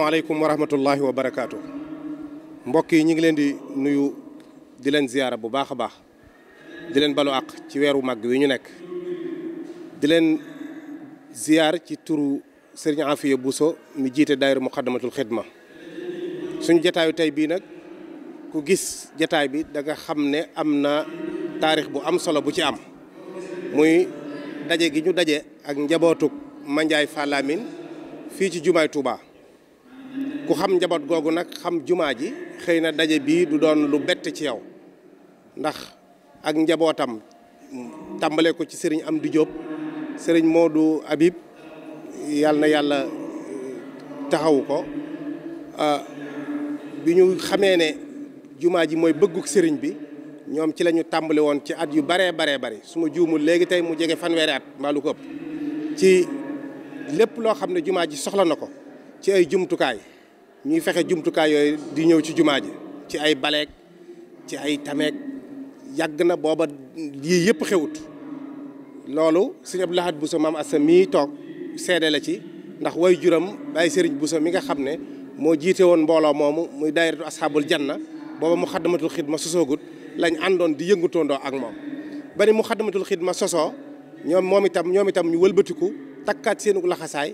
asalaamaaleykum wa rahmatullahi wa barakaatu mbokk yi ñu ngi leen di nuyu di leen ziyaara bu baax a baax di leen balu àq ci weeru màgg wi ñu nekk di leen ziyaar ci turu sëriñ Afiya Buso mi jiite daayira muqaddamatul xidma suñ jataayu tey bii nag ku gis jataay bi da xam ne am na taarix bu am solo bu ci am muy daje gi ñu daje ak njabootuk Mandiaye Falamine fii ci jumaay Touba ku xam njaboot googu nag xam jumaa ji xëy na daje bii du doon lu bett ci yow ndax ak njabootam tàmbale ko ci sëriñ am Amdi jóob sëriñ moo du abib yàll na yàlla euh, taxawu ko euh, bi ñu xamee ne jumaa ji mooy bëgguk sëriñ bi ñoom ci lañu ñu tàmbali woon ci at yu baree baree bari su ma juumul léegi tey mu jege fanweeri at mbaa ko ëpp ci lépp loo xam ne jumaa ji soxla na ko ci ay jumtukaay ñuy fexe jumtukaay yooyu di ñëw ci jumaa ji ci ay baleek ci ay tameek yàgg na booba yii yëpp xewut loolu sëñ Abdou Lahad Bousso maam Assa mii toog seede la ci ndax way juram bàyyi sëriñ Bousso mi nga xam ne moo jiite woon mbooloo moomu muy daayiratu asxaabul janna booba mu xaddamatul xidma sosoogut lañ àndoon di yëngutoondoo ak moom ba ni mu xaddamatul xidma sosoo ñoom moom itam ñoom itam ñu wëlbatiku takkaat seenu laxasaay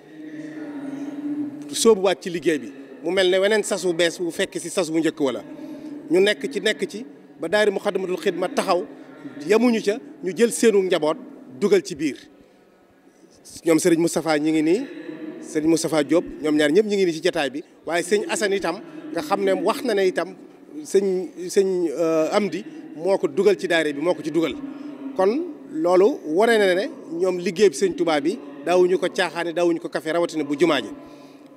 sóobuwaat ci liggéey bi mu mel ne weneen sas wu bees wu fekk si sas wu njëkk wala ñu nekk ci nekk ci ba daayira Muxaddamatul Xidma taxaw yemuñu ca ñu jël seenu njaboot dugal ci biir ñoom sëriñ Moustapha ñi ngi nii sëriñ Moustapha Diop ñoom ñaar ñëpp ñi ngi nii ci jataay bi waaye sëñ Assane itam nga xam ne wax na ne itam sëñ sëñ euh, Amdi moo ko dugal ci daayira bi moo ko ci dugal kon loolu wane na ne ñoom liggéey bi sëñ tubaab bi daawuñu ko caaxaane daawuñu ko kafe rawatina bu jumaa ji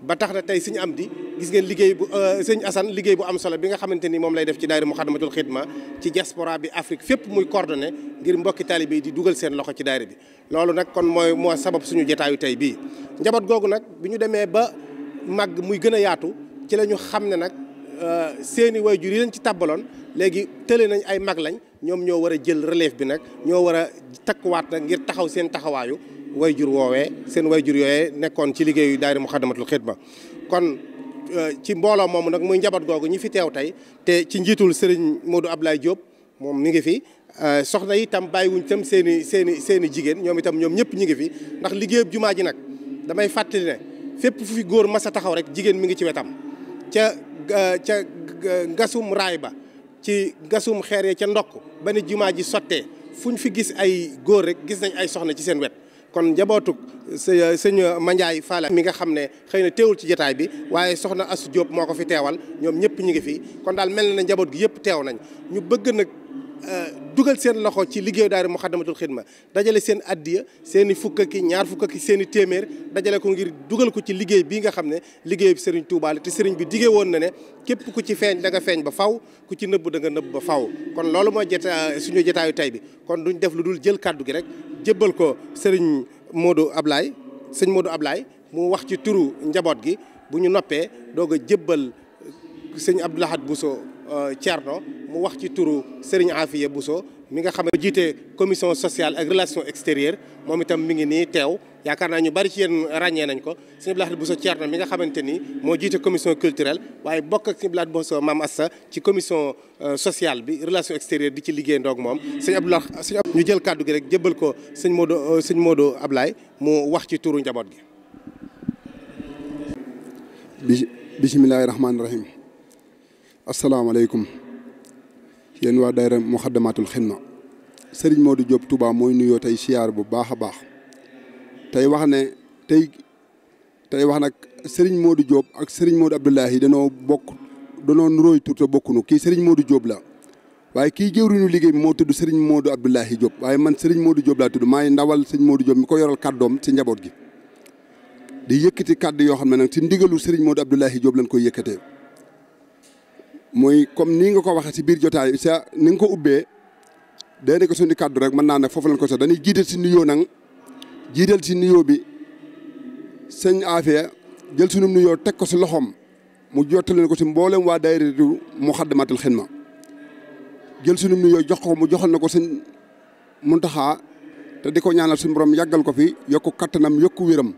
ba tax na tey sëñ Amdi gis ngeen liggéey bu euh, sëñ Assane liggéey bu am solo bi nga xamante ni moom lay def ci daayira Muxaddamatul Xidma ci diaspora bi Afrique fépp muy coordonné ngir mbokki taalibe yi di dugal seen loxo ci daayira bi loolu nag kon mooy moo sabab suñu jotaayu tey bii njaboot googu nag bi ñu demee ba màgg muy gën a yaatu ci lañu xam ne nag euh, seeni waajur yi lañ ci tàbbaloon léegi tële nañ ay mag lañ ñoom ñoo war a jël relève bi nag ñoo war a takkuwaat nag ngir taxaw seen taxawaayu waajur woowee seen waajur yooyee nekkoon ci liggéeyu daayira Muxaddamatul Xidma kon Euh, ci mbooloo moomu nag muy njaboot googu ñi fi teew tey te ci njiitul Serigne Modou Ablaye jóob moom mi ngi fi euh, soxna yi itam bàyyiwuñ itam seen i seen seeni seen jigéen ñoom itam ñoom ñëpp ñu ngi fi ndax liggéeyub jumaa ji nag damay fàttali ne fépp fu fi góor ma sa taxaw rek jigéen mu ngi ci wetam ca euh, ca gasum raay ba ci gasum xeer ya ca ndokk ba ni jumaa ji sottee fuñ fi gis ay góor rek gis nañ ay soxna ci seen wet kon njabootuk sëñ Mandiaye Fala mi nga xam ne xëy na teewul ci jataay bi waaye soxna Asu Diop moo ko fi teewal ñoom ñëpp ñu ngi fi kon daal mel na ne njaboot gi yëpp teew nañ ñu bëgg nag Euh, dugal seen loxo ci liggéey liggéeyu daari Muxaddamatul Xidma dajale seen addiya seen i fukk ki ñaar fukk ki seen i téeméer dajale ko ngir dugal ko ci liggéey bii nga xam ne liggéey bi Serigne Touba te Serigne bi diggee woon na ne képp ku ci feeñ danga feeñ ba faw ku ci nëbb danga nga nëbb ba faw kon loolu mooy jota suñu jotaayu tey bi kon duñ def lu dul jël kàddu gi rek jëbbal ko Serigne Modou Ablaye sëñ modo Ablaye mu wax ci turu njaboot gi bu ñu noppee doog a jébbal sëñ Abdoulahad Bousso Euh, Thierno mu wax ci turu Serigne Afia Bousso mi nga xam ne jiite commission sociale ak relation extérieure moom itam mu ngi nii teew yaakaar naa ñu bari ci yéen ràññee nañ ko sëñ Abdou Lahad Bousso Thierno mi nga xamante ni moo jiite commission culturelle waaye bokk ak sëñ Abdou Lahad Bousso Mame Assa ci commission euh, sociale bi relation extérieure di ci liggéey ndoog moom sëñ Abdou Lahad ñu jël kàddu gi rek jébbal ko sëñ Modou euh, sëñ Modou Ablaye mu wax ci turu njaboot gi bismillahi rahmaani asalaamaaleykum yéen waa dayra Muxaddamatul Xidma Serigne Modou Diop Touba mooy nuyoo tey siyaar bu baax a baax tey wax ne tey tey wax nag Serigne Modou Diop ak Serigne Modou Abdoulahi danoo bokk danoo nuróoy tur te bokkunu kii Serigne Modou Diop la waaye kii jëwriñu liggéey bi moo tudd Serigne Modou Abdoulahi Diop waaye man sëriñ Modou Diop laa tudd maay ndawal Serigne Modou Diop mi ko yoral kàddoom ci njaboot gi di yëkkati kàddu yoo xam ne nag ci ndigalu Serigne Modou Abdoulahi Diop lañ koy yëkkatee. mooy comme nii nga ko waxee si biir jotaay sa ni nga ko ubbee day nekk suñu kàddu rek mën naa ne foofu lañ ko sax dañuy jiital si nuyoo nan jiital si nuyoo bi sëñ Afia jël sunu nuyoo teg ko si loxoom mu jottali ko si mboolem waa daayiratu Muxaddamatul Xidma jël sunu nuyoo jox ko mu joxal na ko mun taxaa te di ko ñaanal suñu borom yàggal ko fi yokk kattanam yokk wéram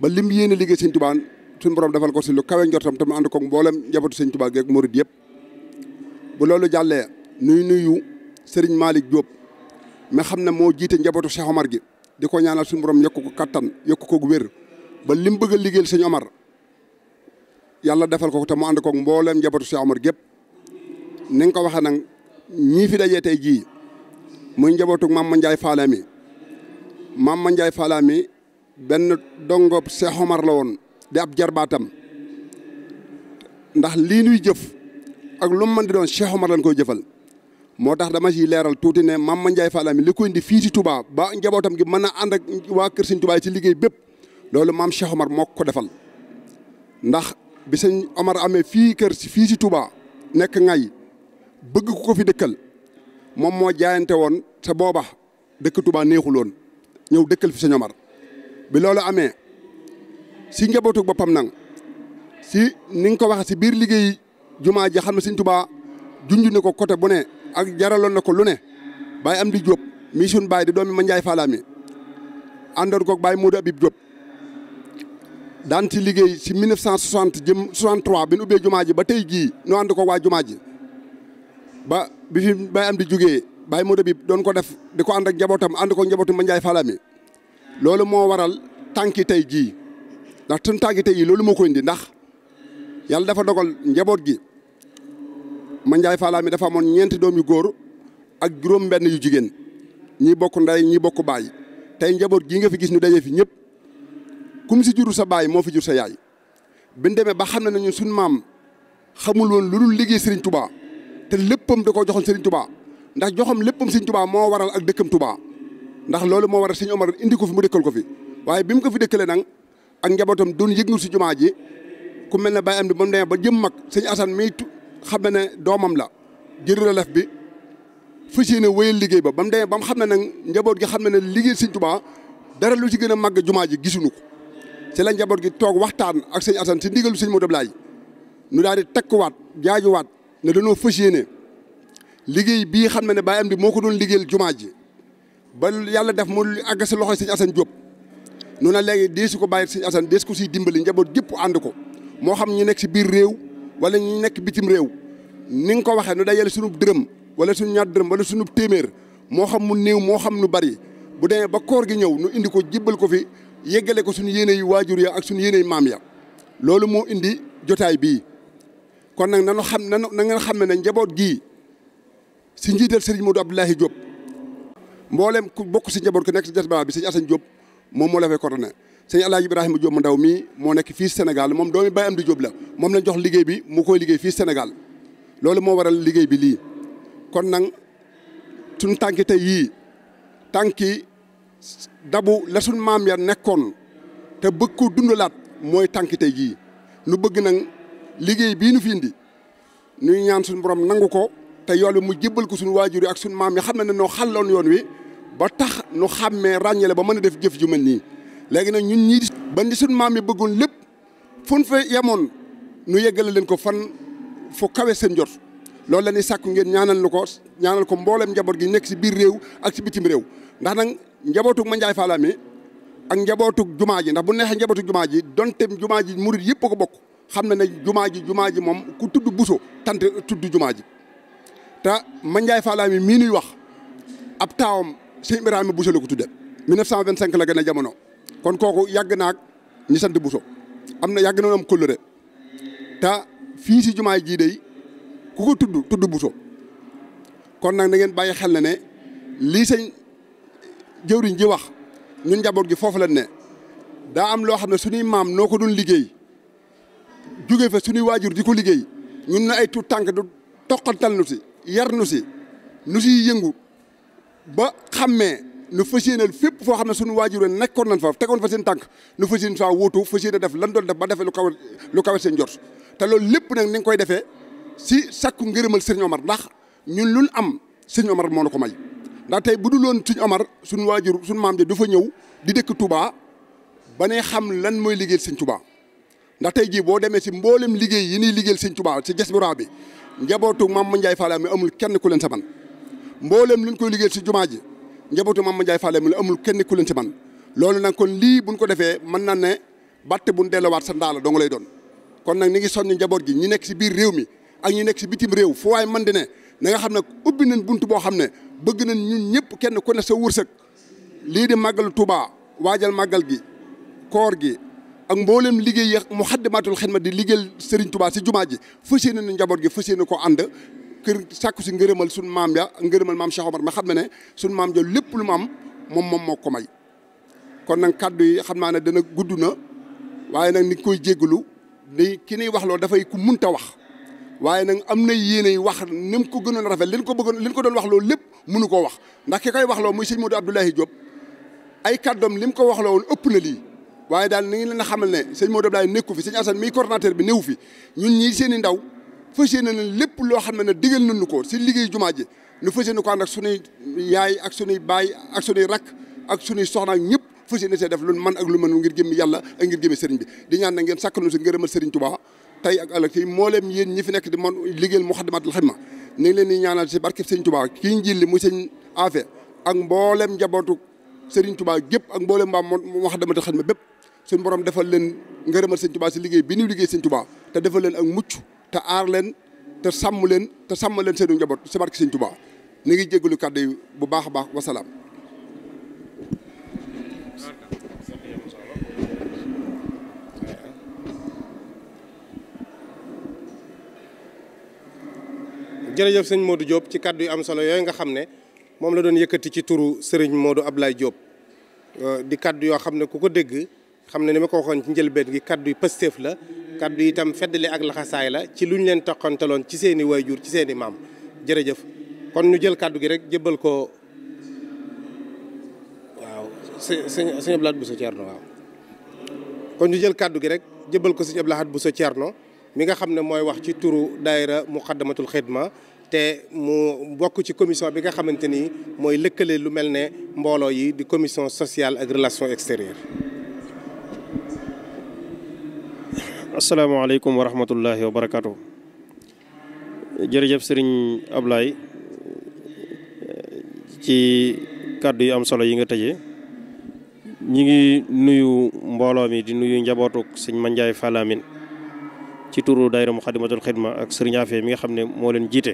ba lim yéene liggéey sëñ Tubaa suñu defal ko si lu kawe njortam tam ànd ko mboolem njabootu sëñ Tuubaa geeg murid yëpp bu loolu jàllee nuy nuyu Serigne Malick Diop mais xam ne moo jiite njabootu Cheikh Omar gi di ko ñaanal suñu borom yokku ko kattan yokku ko wér ba lim bëgg a liggéeyal sëñ Omar yàlla defal ko te mu ànd ko mbooleem njabootu Cheikh Omar gépp ni nga ko waxee nag ñii fi dajee tey jii muy njabootu Mama Ndiaye Fala mi Mama Ndiaye Fala mi benn dongob Cheikh Omar la woon di ab jarbaatam ndax lii nuy jëf ak lum mu mën di doon Cheikh Omar lañ koy jëfal moo tax dama ciy leeral tuuti ne ma Ndiaye Fall mi li ko indi fii si Touba ba njabootam gi mën a ànd ak waa Kër Sëñ Touba ci liggéey bépp loolu maam Cheikh Omar moo ko defal ndax bi sëñ amee fii kër si fii si Touba nekk ngay bëgg ko fi dëkkal moom moo jaayante woon sa booba dëkk Touba neexul woon ñëw dëkkal fi sëñ Omar bi loolu amee. si njabootu boppam nang si ni nga ko waxee si biir liggéey jumaa ji xam ne Sëñ Tuubaa junj na ko côté bu ne ak jaraloon na ko lu ne Baye Amdi Diop mi suñ baay di doomi ma Njaay Faala mi àndoon ko Baye Modou Habib Diop daan ci liggéey si 1960 jëm 63 bi nu ubbee jumaa ji ba tey jii nu ànd ko waa jumaa ji ba bi fi Baye Amdi jógee bay Modou Habib doon ko def di ko ànd ak njabootam ànd ko njabootam ma Njaay Faala loolu moo waral tànki tey jii ndax suñu tàggite tey loolu moo ko indi ndax yàlla dafa dogal njaboot gi ma Ndiaye Falla mi dafa amoon ñeenti doom yu góor ak juróom-benn yu jigéen ñi bokk ndey ñi bokk baay tey njaboot gii nga fi gis ñu daje fi ñëpp kum si juru sa baay moo fi jur sa yaay bi demee ba xam ne nañu suñ maam xamul woon lu lu liggéey Serigne Touba te léppam da koo joxoon Serigne Touba ndax joxam léppam Serigne Touba moo waral ak dëkkam Touba ndax loolu moo waral Serigne Omar indi ko fi mu dëkkal ko fi waaye bi mu ko fi dëkkalee nag ak njabootam doon yëngu si jumaa ji ku mel ne Baye Amdi ba mu demee ba jëm mag sëñ Assane mi xam ne ne doomam la jël relève bi fas yéene wéyal liggéey ba ba mu demee ba mu xam ne nag njaboot gi xam ne na liggéey sëñ Tuubaa dara lu ci gën a màgg jumaa ji gisuñu ko ci la gi toog waxtaan ak sëñ Assane si ndigalu sëñ Modou Ablaye ñu daal di takkuwaat jaajuwaat ne liggéey bi xam ne ne Baye bi moo ko doon liggéeyal jumaa ji ba yàlla def mu àgg sa loxo sëñ Assane Diop nu na léegi dee ko bàyyi si Assane dee su ko siy dimbali njaboot gépp ànd ko moo xam ñu nekk si biir réew wala ñu nekk bitim réew ni nga ko waxee nu day yàlla sunu dërëm wala sunu ñaar dërëm wala sunu téeméer moo xam mu néew moo xam nu bari bu demee ba koor gi ñëw nu indi ko jibbal ko fi yeggale ko suñu yéene yu waajur ya ak suñu yéene maam ya loolu moo indi jotaay bii kon nag nanu xam nanu na ngeen xam ne njaboot gii si njiital sëriñ Modou Abdoulaye Diop mboolem ku bokk si njaboot ku nekk si jatbaa bi sëñ Assane Diop moom moo la fay coordonné sëñ Alaaji Ibrahima Diop ndaw mii moo nekk fii Sénégal moom doomi Baye Amdi Diop la moom lañ jox liggéey bi mu koy liggéey fi Sénégal loolu moo waral liggéey bi lii kon nag suñ tànki tey yii tànki dabu la suñ ya nekkoon te bëgg ko dundalaat mooy tànki tey jii nu bëgg nag liggéey bii nu fi indi nuy ñaan suñu borom nangu ko te yool bi mu jébbal ko suñu waajur yi ak sun maam yi xam na ne noo xàlloon yoon wi ba tax nu xàmmee ràññale ba mën a def jëf ju mel nii léegi nag ñun ñii ba ni suñ maam mi bëggoon lépp fun fa yemoon nu yeggale leen ko fan fu kawe seen jot loolu la ñuy ngeen ñaanal nu ko ñaanal ko mboolem njaboot gi nekk si biir réew ak si bitim réew ndax nag njabootug ma njaay faala ak njabootug jumaa ji ndax bu neexee njabootug jumaa ji donte jumaa ji murit yëpp ko bokk xam na ne jumaa ji jumaa ji moom ku tudd buso tant tudd jumaa ji te ma njaay mi mii nuy wax sëñ Ibrahima Bousso la ko tudde 1925 la gën a jamono kon kooku yàgg naag ñi sant Bousso am na yàgg na am kóllëre te fii si jumaay jii dey ku ko tudd tudd Bousso kon nag na ngeen bàyyi xel na ne lii sëñ jëwriñ ji wax ñu njaboot gi foofu la ne daa am loo xam ne suñuy maam noo ko doon liggéey jóge fa suñuy waajur di ko liggéey ñun na ay tuut tànk du toqantal nu si yar nu si nu siy yëngu ba xàmmee nu fas yéene fépp foo xam ne suñu waajur nekkoon nañ fa tegoon fa seen tànk nu fas yéene faa wóotu fas yéene def lan doon def ba defee lu kawe lu kawe seen jot te loolu lépp nag ni nga koy defee si sakku ngërëmal sëriñ Omar ndax ñun luñ am sëriñ Omar moo na ko may ndax tey bu dul woon sëriñ Omar suñu waajur suñu maam ja du fa ñëw di dëkk Touba ba ne xam lan mooy liggéey sëriñ tubaa ndax tey jii boo demee si mboolem liggéey yi ñuy liggéey sëriñ tubaa si ges bi bi njabootu maam Ndiaye Fall mi amul kenn ku leen sa man mbooleem luñ koy liggéey si jumaa ji njabootu Mame Ndiaye Fallé mu la amul kenn ku leen si man loolu nag kon lii bu buñ ko defee mën na ne batte buñ delluwaat sa ndaala dong lay doon kon nag ni ngi soññ njaboot gi ñi nekk si biir réew mi ak ñi nekk si bitim réew fu waaye man de ne na nga xam ne ubbi nañ bunt boo xam ne bëgg nañ ñun ñëpp kenn ku ne sa wërsëg lii di màggalu Touba waajal màggal gi koor gi ak mboolem liggéey yi mu xaddimatul ma di liggéeyal Serigne Touba si jumaa ji fas yéene na njaboot gi fas yéene ko ànd kër sàkku si ngërëmal suñ maam ya ngërëmal maam Cheikh Omar ma xam ne ne suñ maam jool lépp lu maam moom moom moo ko may kon nag kàddu yi xam naa ne dana gudd na waaye nag ni koy jégalu ni ki nuy wax loolu dafay ku munta wax waaye nag am na yéenay wax ni mu ko gënoon rafet li ko bëggoon li ko doon wax loolu lépp munu koo wax ndax ki koy wax loolu muy sëñ Modou Abdoulaye Diop ay kàddoom li mu ko wax loo woon ëpp na lii waaye daal ni ngi leen a xamal ne sëñ Modou Abdoulaye nekku fi sëñ Assane mii coordonnateur bi new fi ñun ñii seen i ndaw fas na lépp loo xam ne ne digal nañu ko si liggéey jumaa ji nu fas yéene ko ànd ak sunuy yaay ak sunuy baay ak sunuy rakk ak sunuy soxna ñëpp fas yéene see def lu man ak lu mën ngir jëmmi yàlla ak ngir jëmmi sëriñ di ñaan na ngeen sàkkalu si ngërëmal sëriñ Tuubaa tey ak ëllëg tey mboolem yéen ñi fi nekk di man liggéeyal Muxaddamatul Xidma ni ngi leen di ñaanal si barkeb sëriñ Tuubaa kii njiit li muy sëñ Afe ak mboolem njabootu sëriñ Tuubaa gépp ak mboolem waa Muxaddamatul ma bépp suñu borom defal leen ngërëmal sëriñ Tuubaa si liggéey bi ñu liggéey sëriñ Tuubaa te defal leen ak mucc te aar leen te sàmm leen te sàmm leen seenu njaboot si barke Sëñ Tuubaa ni ngi jégalu kàddu yi bu baax a baax wasalaam. jërëjëf sëñ Modou Diop ci kàddu yu am solo yooyu nga xam ne moom la doon yëkkati ci turu sëriñ ab Ablaye Diop euh, di kàddu yoo xam ne ku ko dégg xam ne ni ma ko waxoon ci njëlbeen gi kàddu yu pësteef la kaddu itam feddali ak laxasaay la ci lu ñu leen toqantaloon ci seeni i waajur ci seeni i maam jërëjëf kon ñu jël kaddu gi rek jëbbal ko waaw sëñ sëñ Abdoulaye Bousso Thierno waaw kon ñu jël kaddu gi rek jëbbal ko sëñ Abdoulaye Bousso Thierno mi nga xam ne mooy wax ci turu daayira muqaddamatul xidma te mu bokk ci commission bi nga xamante ni mooy lëkkale lu mel ne mbooloo yi di commission sociale ak relation extérieure asalaamaaleykum wa rahmatullahi wa barakaatu. jërëjëf sëriñ Ablaye ci kàddu yu am solo yi nga tëje ñi ngi nuyu mbooloo mi di nuyu njabootuk sëñ Mandiaye Falamine ci turu daayira Muxaddamatul Xidma ak sëriñ Afee mi nga xam ne moo leen jiite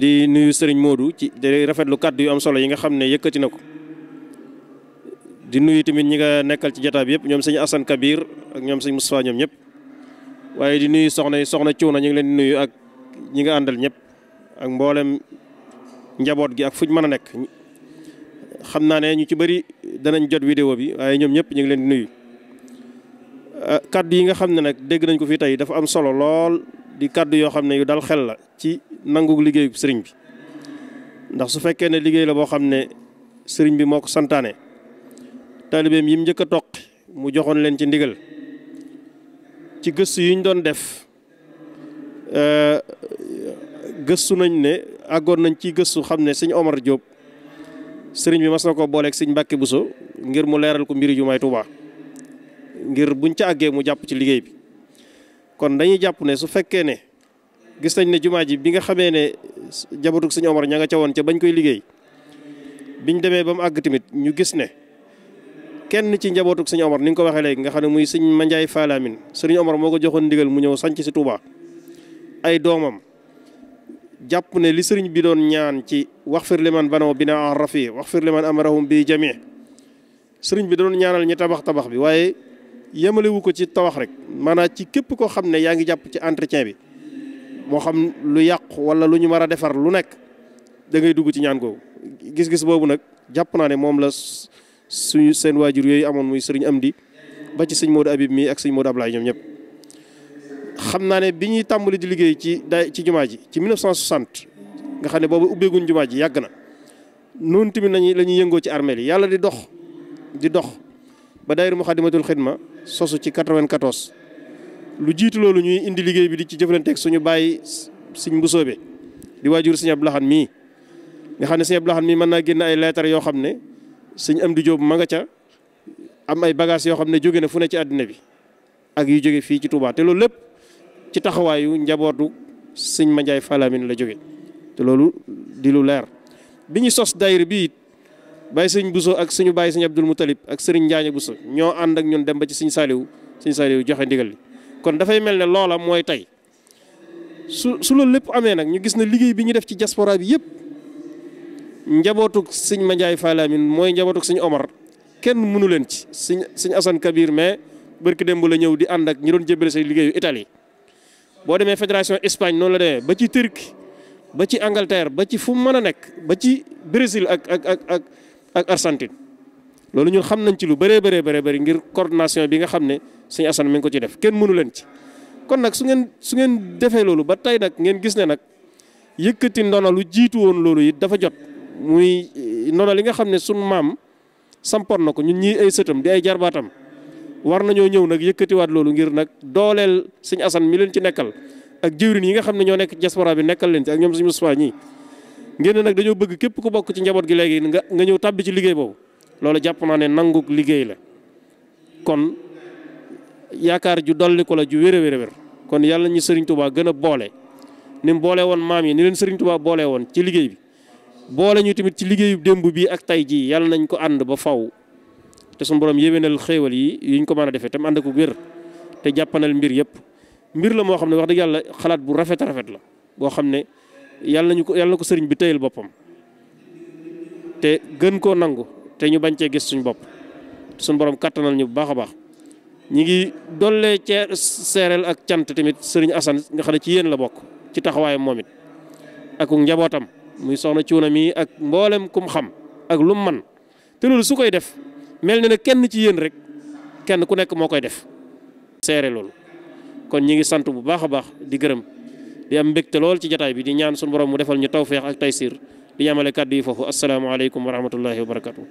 di nuyu sëriñ moodu ci di rafetlu kàddu yu am solo yi nga xam ne yëkkati na ko di nuyu tamit ñi nga nekkal ci jotaay bi yëpp ñoom sëñ Assane Kabir ak ñoom sëñ Moustapha ñoom ñëpp waaye di nuyu soxna yi soxna Cuuna ñu ngi leen di nuyu ak ñi nga àndal ñëpp ak mboolem njaboot gi ak fuñ mën a nekk. xam naa ne ñu ci bëri danañ jot vidéo bi waaye ñoom ñëpp ñu ngi leen di nuyu euh, kaddu yi nga xam ne nag dégg nañ ko fi tey dafa am solo lool di kàdd yoo xam ne yu dal xel la ci nangu liggéeyu sëriñ bi ndax su fekkee ne liggéey la boo xam ne sëriñ bi moo ko santaane. taalibeem yim njëkk a mu joxoon leen ci ndigal ci gëstu yi ñu doon def euh, gëstu nañ ne àggoon nañ ci gëstu xam ne sëñ Omar Diop sëriñ bi mas na ko booleeg sëñ Mbàkke Buso ngir mu leeral ko mbiri jumaay Tuubaa ngir buñ ca àggee mu jàpp ci liggéey bi kon dañuy jàpp ne su fekkee ne gis nañ ne jumaa ji bi nga xamee ne jabatuk sëñ Omar ña nga ca woon ca bañ koy liggéey biñ demee ba mu àgg tamit ñu gis ne kenn ci njabootuk sëñ Omar ni ko waxee léegi nga xam ne muy sëñ Mandiaye Falamine sëriñ Omar moo ko joxoon ndigal mu ñëw sanc si Touba ay doomam jàpp ne li sëriñ bi doon ñaan ci wax fir liman banaw binaan rafi wax fir liman amarahum bi jamii sëriñ bi doon ñaanal ñi tabax tabax bi waaye yemalewu ko ci tawax rek maanaam ci képp koo xam ne yaa ngi jàpp ci entretien bi moo xam lu yàq wala lu ñu mar a defar lu nekk dangay dugg ci ñaan ko gis-gis boobu nag jàpp naa ne moom la suñu seen waajur yooyu amoon muy sëriñ Amdi ba ci sëñ Modou Habib mii ak sëñ Modou laay ñoom ñëpp. xam naa ne bi ñuy tàmbali di liggéey ci day ci jumaa ji ci 1960 nga xam ne boobu ubbeeguñ jumaa ji yàgg na noonu tamit nañu la ñuy yëngoo ci armeel yàlla di dox di dox ba daayira Muxaddamatul Xidma sosu ci 94. lu jiitu loolu ñuy indi liggéey bi di ci jëflanteeg suñu bàyyi sëñ Mbusoobe di waajur sëñ Abdou Lahad mii nga xam ne sëñ Abdou Lahad mii mën naa génn ay yoo xam ne sëñ Amdi Jóob ma nga ca am ay bagages yoo xam ne jóge na fu ne ci àddina bi ak yu jóge fii ci Touba te loolu lépp ci taxawaayu njabootu sëñ Mandiaye Falamine la jóge te loolu di lu leer bi ñu sos daayira bi it bàyyi sëñ Bousso ak suñu bàyyi sëñ Abdul Moutalib ak sëriñ Njaaña Bousso ñoo ànd ak ñun dem ba ci sëñ Saaliw sëñ Saaliw joxe ndigal li kon dafay mel ne loola mooy tey su su loolu lépp amee nag ñu gis na liggéey bi ñu def ci diaspora bi yëpp njabootuk sëñ Mandiaye Fall Lamine mooy njabootuk sëñ Omar kenn mënu leen ci sëñ sëñ Assane Kabir mais barki démb la ñëw di ànd ak ñi doon jébbale say liggéeyu Italie boo demee fédération Espagne noonu la demee ba ci Turquie ba ci Angleterre ba ci fu mu mën a nekk ba ci Brésil ak ak ak ak ak Argentine loolu ñun xam nañ ci lu bëree bëree bëree bëri ngir coordination bi nga xam ne sëñ Assane mi ko ci def kenn mënu leen ci kon nag su ngeen su ngeen defee loolu ba tey nag ngeen gis ne nag yëkkati ndono lu jiitu woon loolu it dafa jot muy ndono eh, li nga xam ne sun maam sampon na ko ñun ñi ay sëtam di ay jarbaatam war nañoo ñëw nag yëkkatiwaat loolu ngir nag dooleel sëñ Assane mi leen ci nekkal ak jiwrin yi nga xam ne ñoo nekk diaspora bi nekkal leen ci ak ñoom suñu Moustapha ñii ngeen ne nag dañoo bëgg képp ku bokk ci njaboot gi léegi nga nga ñëw tàbbi ci liggéey boobu loolu jàpp naa ne nanguk liggéey la kon yaakaar ju dolli ko la ju wér a kon yàlla ñu Serigne Touba gën a boole ni mu woon maam yi ni leen Serigne Touba boole woon ci liggéey bi boole ñu tamit ci liggéeyu démb bi ak tay jii yàlla nañ ko ànd ba faw te suñu borom yéwénal xéewal yi yuñ ko mën a defee tam ko wér te jàppanal mbir yëpp mbir la moo xam ne wax dëgg yàlla xalaat bu rafet rafet la boo xam ne yàlla nañu ko yàlla ko sëriñ bi tëyal boppam te gën koo nangu te ñu bañ cee gis suñu bopp suñu borom kattanal ñu bu baax a baax ñi ngi dollee cee seereel ak cant tamit sëriñ Assane nga xam ne ci yéen la bokk ci taxawaayu moom it ak njabootam. muy soxna cuuna mi ak mboolem kum xam ak lum man te loolu su koy def mel na ne kenn ci yéen rek kenn ku nekk moo koy def seere loolu kon ñi ngi sant bu baax a baax di gërëm di am mbégte lool ci jataay bi di ñaan suñu borom mu defal ñu tawfeex ak taysiir di yamale kàddu yi foofu asalaamaaleykum wa rahmatullahi wa barakatu